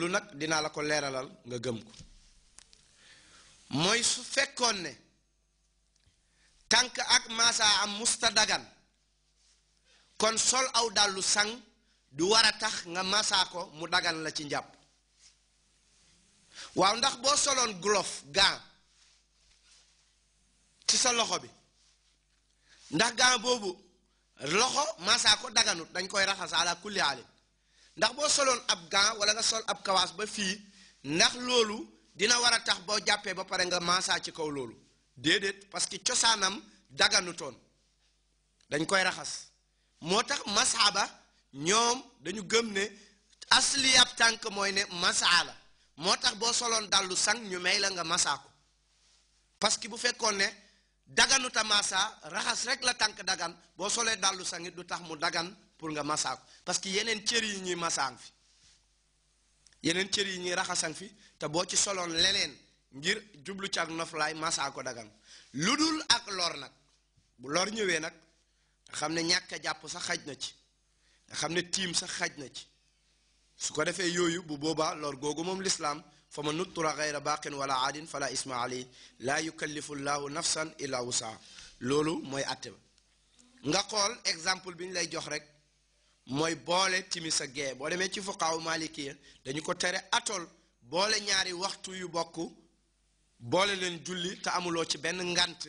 lu nak kolera la ko leralal nga gem ko moy su fekkone tank ak masa am mustadagan kon sol aw dalu sang du wara tax nga masaa ko mu dagan la ci njàpp waaw ndax bo solon glof ga ci sa loxo bi ndax gant bobu loxo masaa ko daganut dañ koy raxas ala kulli alim ndax boo soloon ab gaa wala nga sol ab kawaas ba fii ndax loolu dina war a tax boo jàppee ba pare nga maasaa ci kaw loolu déedéet parce que cosaanam daganutoon dañ koy raxas moo tax masaa ba ñoom dañu gëm ne asli ab tànk mooy ne masaa la moo tax boo soloon dallu sang ñu may la nga masaa ko parce que bu fekkoon ne daganuta masaa raxas rek la tànk dagan boo solee dallu sangit du tax mu dagan pour nga massako parce que yeneen cër yi ñuy massang fi yeneen cër yi ñuy raxasang fi te boo ci soloon leneen ngir jublu ci ak noflaay massako dagan lu dul ak lor nag bu lor ñëwee nag nga xam ne ñàkk jàpp sax xaj na ci nga xam ne tiim sax xaj na ci su ko defee yooyu bu boobaa lor googu moom lislaam fa ma nuttura baqin wala aadin fala isma ali la yukallifu llahu nafsan illa wusaa loolu mooy atte ba nga xool exemple bi lay jox rek mooy boole timis ak gee boo demee ci fuqaaw malikiya dañu ko tere atol boole ñaari waxtu yu bokk boole leen julli te amuloo ci benn ngant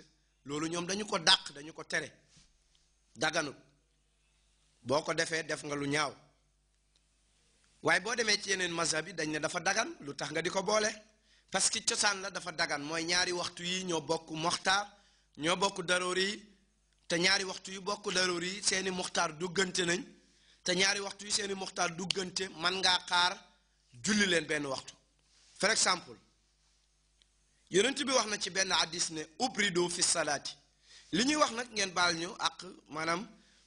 loolu ñoom dañu ko dàq dañu ko tere daganut boo ko defee def nga lu ñaaw waaye boo demee ci yeneen mazhab yi dañ ne dafa dagan lu tax nga di ko boole parce que cosaan la dafa dagan mooy ñaari waxtu yi ñoo bokk moxtaar ñoo bokk daroor yi te ñaari waxtu yu bokk daroor yi seeni moxtaar duggante nañ te ñaari waxtu yi seeni muxtaar duggante man nga xaar julli leen benn waxtu for exemple yonent bi wax na ci benn hadis ne ubrido fi salati li ñuy wax nag ngeen baal ñu àq maanaam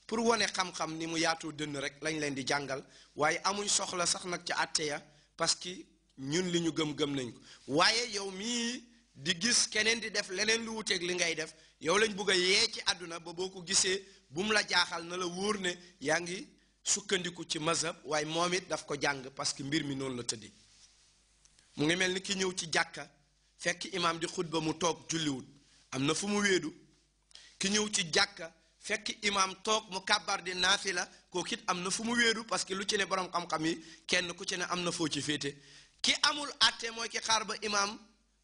pour wone xam-xam ni mu yaatoo dënn rek lañ leen di jàngal waaye amuñ soxla sax nag ci àtte ya parce que ñun li ñu gëm-gëm nañ ko waaye yow mii di gis keneen di def leneen lu wuteeg li ngay def yow lañ bugg a yee ci àdduna ba boo ko gisee bu mu la jaaxal na la wóor ne yaa ngi sukkandiku ci mazhab waaye moom it daf ko jàng parce que mbir mi noonu la tëddee mu ngi mel ni ki ñëw ci jàkka fekk imaam di xutba mu toog julliwut am na fu mu wéedu ki ñëw ci jàkka fekk imaam toog mu kàbbar di naafila kooku it am na fu mu wéedu parce que lu ci ne borom xam-xam yi kenn ku ci ne am na foo ci féete ki amul àtte mooy ki xaar ba imaam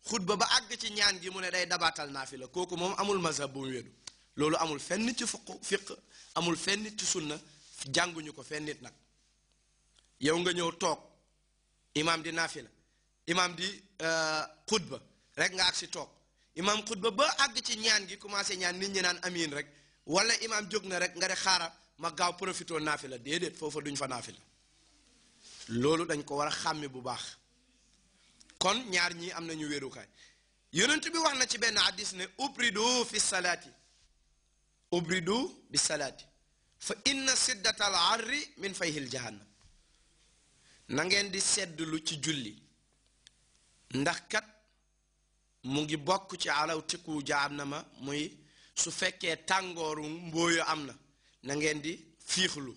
xutba ba àgg ci ñaan gi mu ne day dabaatal la kooku moom amul mazhab bu mu wéedu loolu amul fenn ci fuq fiq amul fenn ci sunna jànguñu ko fenn nit nag yow nga ñëw toog imaam di naafila imaam di euh, xutba rek nga agsi toog imaam xutba ba àgg ci ñaan gi commencé ñaan nit ñi naan amiin rek wala imaam jóg na rek nga de xaaral ma gaaw profité naafila déedéet foofu duñ fa naafila loolu dañ ko war a xàmmi bu baax kon ñaar ñii am nañu wéerukaay yonent bi wax na ci benn hadis ne ubridu fi salaati ubridu bi salaati fa inna siddatal arri min fayhil jahannam na ngeen di seddlu ci julli ndax kat mu ngi bokk ci alaw tikku jahannama muy su fekkee tàngooru mbóoyu am na na ngeen di fiixlu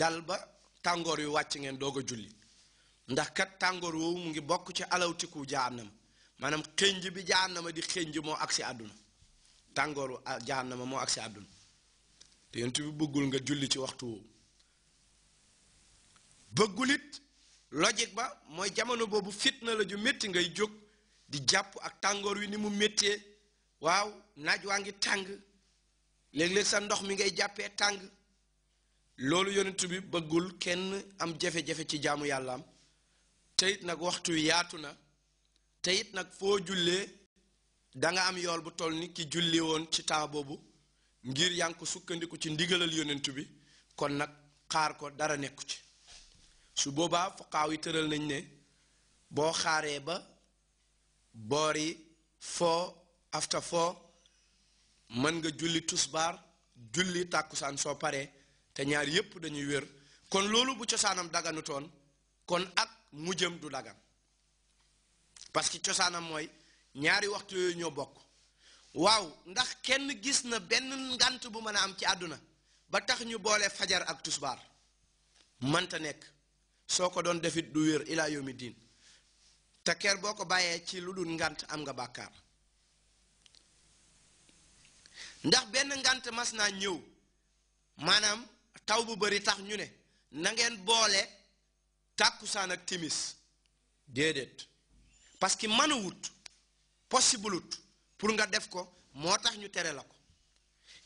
dal ba tàngoor yu wàcc ngeen doog julli ndax kat tàngoor woowu mu ngi bokk ci alaw tikku jahannama maanaam xënj bi jahannama di xënj moo agsi àdduna tàngooru jahannama moo agsi àdduna te yonent bi bëggul nga julli ci waxtu woowu bëggulit logique ba mooy jamono boobu fitna la ju metti ngay jóg di jàpp ak tàngoor wi ni mu méttee waaw naaj waa ngi tàng léeg-léeg sa ndox mi ngay jàppee tàng loolu yonent bi bëggul kenn am jafe-jafe ci jaamu yàllaam te nag waxtu wi yaatu na te it nag foo jullee danga am yool bu toll ni ki julli woon ci temps boobu ngir yaa sukkandiku ci ndigalal yonent bi kon nag xaar ko dara nekku ci su boobaa fuqaaw yi tëral nañ ne boo xaaree ba boori foo afta foo mën nga julli tusbaar julli tàkkusaan soo paree te ñaar yépp dañuy wér kon loolu bu cosaanam daganutoon kon ak mu jëm du dagan parce que cosaanam mooy ñaari waxtu yooyu ñoo bokk waaw ndax kenn gis na benn ngant bu mën a am ci àdduna ba tax ñu boole fajar ak tusbaar mënta nekk soo ko doon defit du wér ilaa yomi diin te ker boo ko bàyyee ci lu dul ngant am nga bàkkaar ndax benn ngant mas naa ñëw maanaam taw bu bari tax ñu ne na ngeen boole tàkkusaan ak timis déedéet parce que mën a wut possible pour nga def ko moo tax ñu tere la ko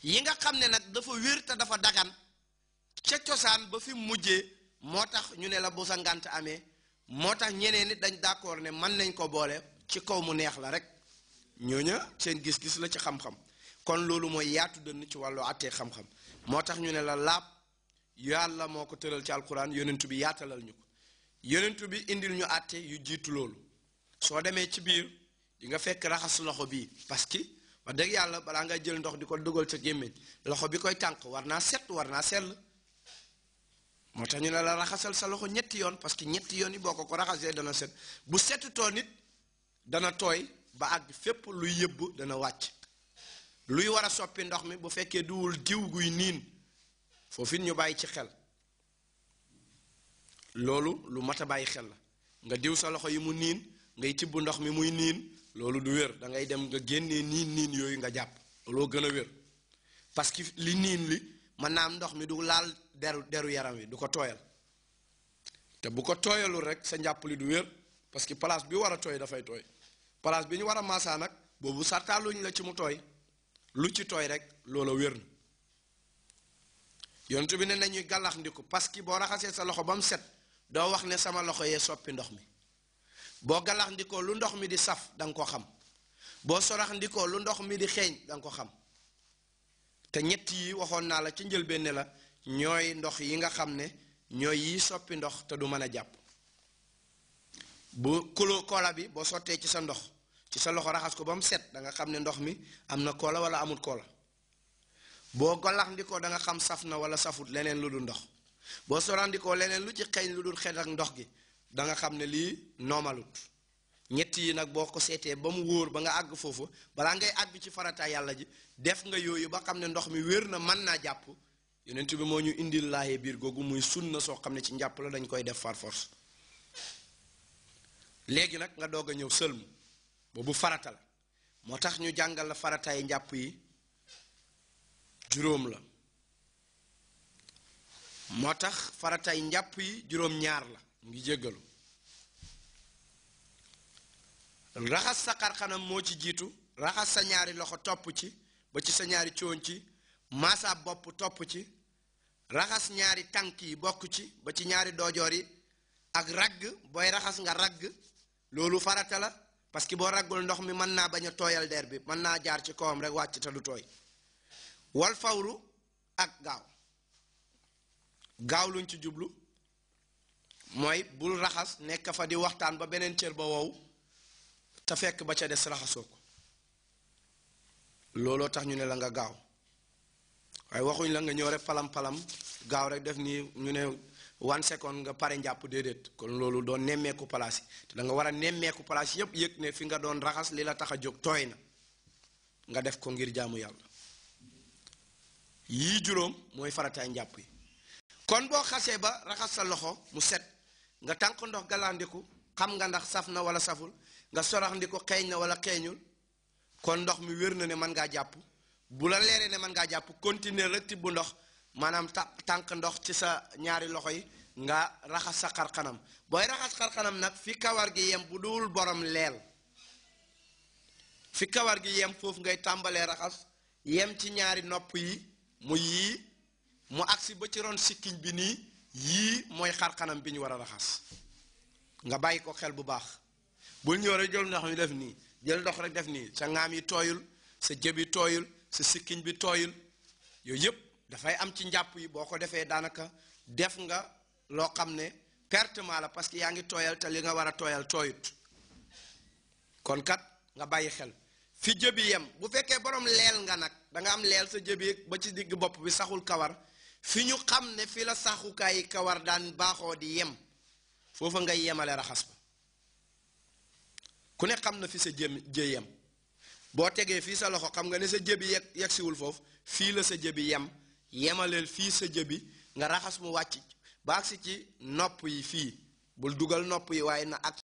yi nga xam ne nag dafa wér te dafa dagan ca cosaan ba fi mujjee moo tax ñu ne la bu sa ngànt amee moo tax ñeneen it dañ d'accord ne mën nañ ko boole ci kaw mu neex la rek ñooña seen gis-gis la ci xam-xam kon loolu mooy yaatu dënn ci wàllu àttee xam-xam moo tax ñu ne la laab yàlla moo ko tëral ci alquran yonentu bi yaatalal ñu ko yonentu bi indil ñu àtte yu jiitu loolu soo demee ci biir di nga fekk raxas loxo bi parce que wax dëgg yàlla balaa nga jël ndox di ko dugal sa gémmiñ loxo bi koy tànk war naa set war naa sell moo tax ñu ne la raxasal sa loxo ñetti yoon parce que ñetti yoon yi boo ko ko raxasee dana set bu setutoo nit dana tooy ba àgg fépp luy yëbb dana wàcc luy war a soppi ndox mi bu fekkee duwul diw guy niin foofu ñu bàyyi ci xel loolu lu mat a bàyyi xel la nga diw sa loxo yi mu niin ngay tibb ndox mi muy niin lolou du wér da ngay dem nga génnee ni ni yoy nga japp looloo gëna a parce que li niin li man na am ndox mi du laal deru deru yaram wi du ko toyal te bu ko toyalu rek sa japp li du wér parce que place bi wara toy da fay toy place bi ñu wara massa nak bobu la ci mu toy lu ci toy rek lolo wér yontu bi ne nañuy galax ndiku parce que bo raxasse sa loxo bam set do wax ne sama loxo ye soppi ndox mi boo galax lu ndox mi di saf danga ko xam boo sorax lu ndox mi di xeeñ danga ko xam te ñett yi waxoon naa la ci njëlbéen la ñooy ndox yi nga xam ne ñooy yi soppi ndox te du mën a jàpp bu kulo koola bi boo sottee ci sa ndox ci sa loxo raxas ko ba mu set danga xam ne ndox mi am na koola wala amul koola boo galax danga xam saf na wala safut leneen lu dul ndox boo sorax leneen lu ci xeeñ lu dul xet ak ndox gi da nga xam ne lii noomalut ñett yi nag boo ko seetee ba mu wóor ba nga àgg foofu balaa ngay àgg ci farata yàlla ji def nga yooyu ba xam ne ndox mi wér na mën naa jàpp yonent bi moo ñu indi laaye biir googu muy sunna soo xam ne ci njàpp la dañ koy def far léegi nag nga doog a ñëw sëlmu boobu farata la moo tax ñu jàngal la farataay njàpp yi juróom la moo tax farataay njàpp yi juróom ñaar la mu ngi jéggalu raxas sa xarxanam moo ci jiitu raxas sa ñaari loxo topp ci ba ci sa ñaari cóon ci maasa bopp topp ci raxas ñaari tànk yi bokk ci ba ci ñaari doojoor yi ak ragg booy raxas nga ragg loolu farata la parce que boo raggul ndox mi mën naa bañ a tooyal der bi mën naa jaar ci kawam rek wàcc te du tooy wal fawru ak gaaw gaaw luñ ci jublu mooy bul raxas nekk fa di waxtaan ba beneen cër ba wow te fekk ba ca des raxasoo ko looloo tax ñu ne la nga gaaw waaye waxuñ la nga ñëw rek palam-palam gaaw rek def nii ñu ne one second nga pare njàpp déedéet kon loolu doon nemmeeku palaas yi te da nga war a nemmeeku palaas yépp yëg ne fi nga doon raxas li la tax a jóg tooy na nga def ko ngir jaamu yàlla yii juróom mooy farataay njàpp yi kon boo xasee ba raxas sa loxo mu set nga tànq ndox galaandiku xam nga ndax saf na wala saful nga sorax ndiku xeeñ na wala xeeñul kon ndox mi wér na ne mën ngaa jàpp bu la leeree ne mën ngaa jàpp continuer la tibb ndox maanaam ta tànk ndox ci sa ñaari loxo yi nga raxas sa xar kanam booy raxas xar nag fi kawar gi yem bu dul borom leel fi kawar gi yem foofu ngay tàmbalee raxas yem ci ñaari nopp yi mu yii mu agsi ba ci ron sikkiñ bi nii yi moy xar kanam biñu wara raxas nga bàyyi ko xel bu baax bu ñu wara jël ndox mi def ni jël ndox rek def ni sa ngam yi toyul sa jëbi toyul sa sikkiñ bi yoy yep da fay am ci njàpp yi boko defé danaka def nga lo xamné ne pertement la parce que yaa ngi tooyal li nga wara toyal tooyal kon kat nga bayyi xel fi jëbi yam bu fekke borom leel nga nak da nga am leel sa jëbi ba ci digg bop bi saxul kawar fi ñu xam ne fi la saxukaayi kawar daan baaxoo di yem foofa ngay yemale raxas ba ku ne xam na fi sa jëm jë yem boo tegee fii sa loxo xam nga ne sa jëbi yeg yegsiwul foofu fii la sa jëbi yem yemaleel fii sa jëbi nga raxas mu wàcc baagsi ci nopp yi fii bul dugal nopp yi waaye na ak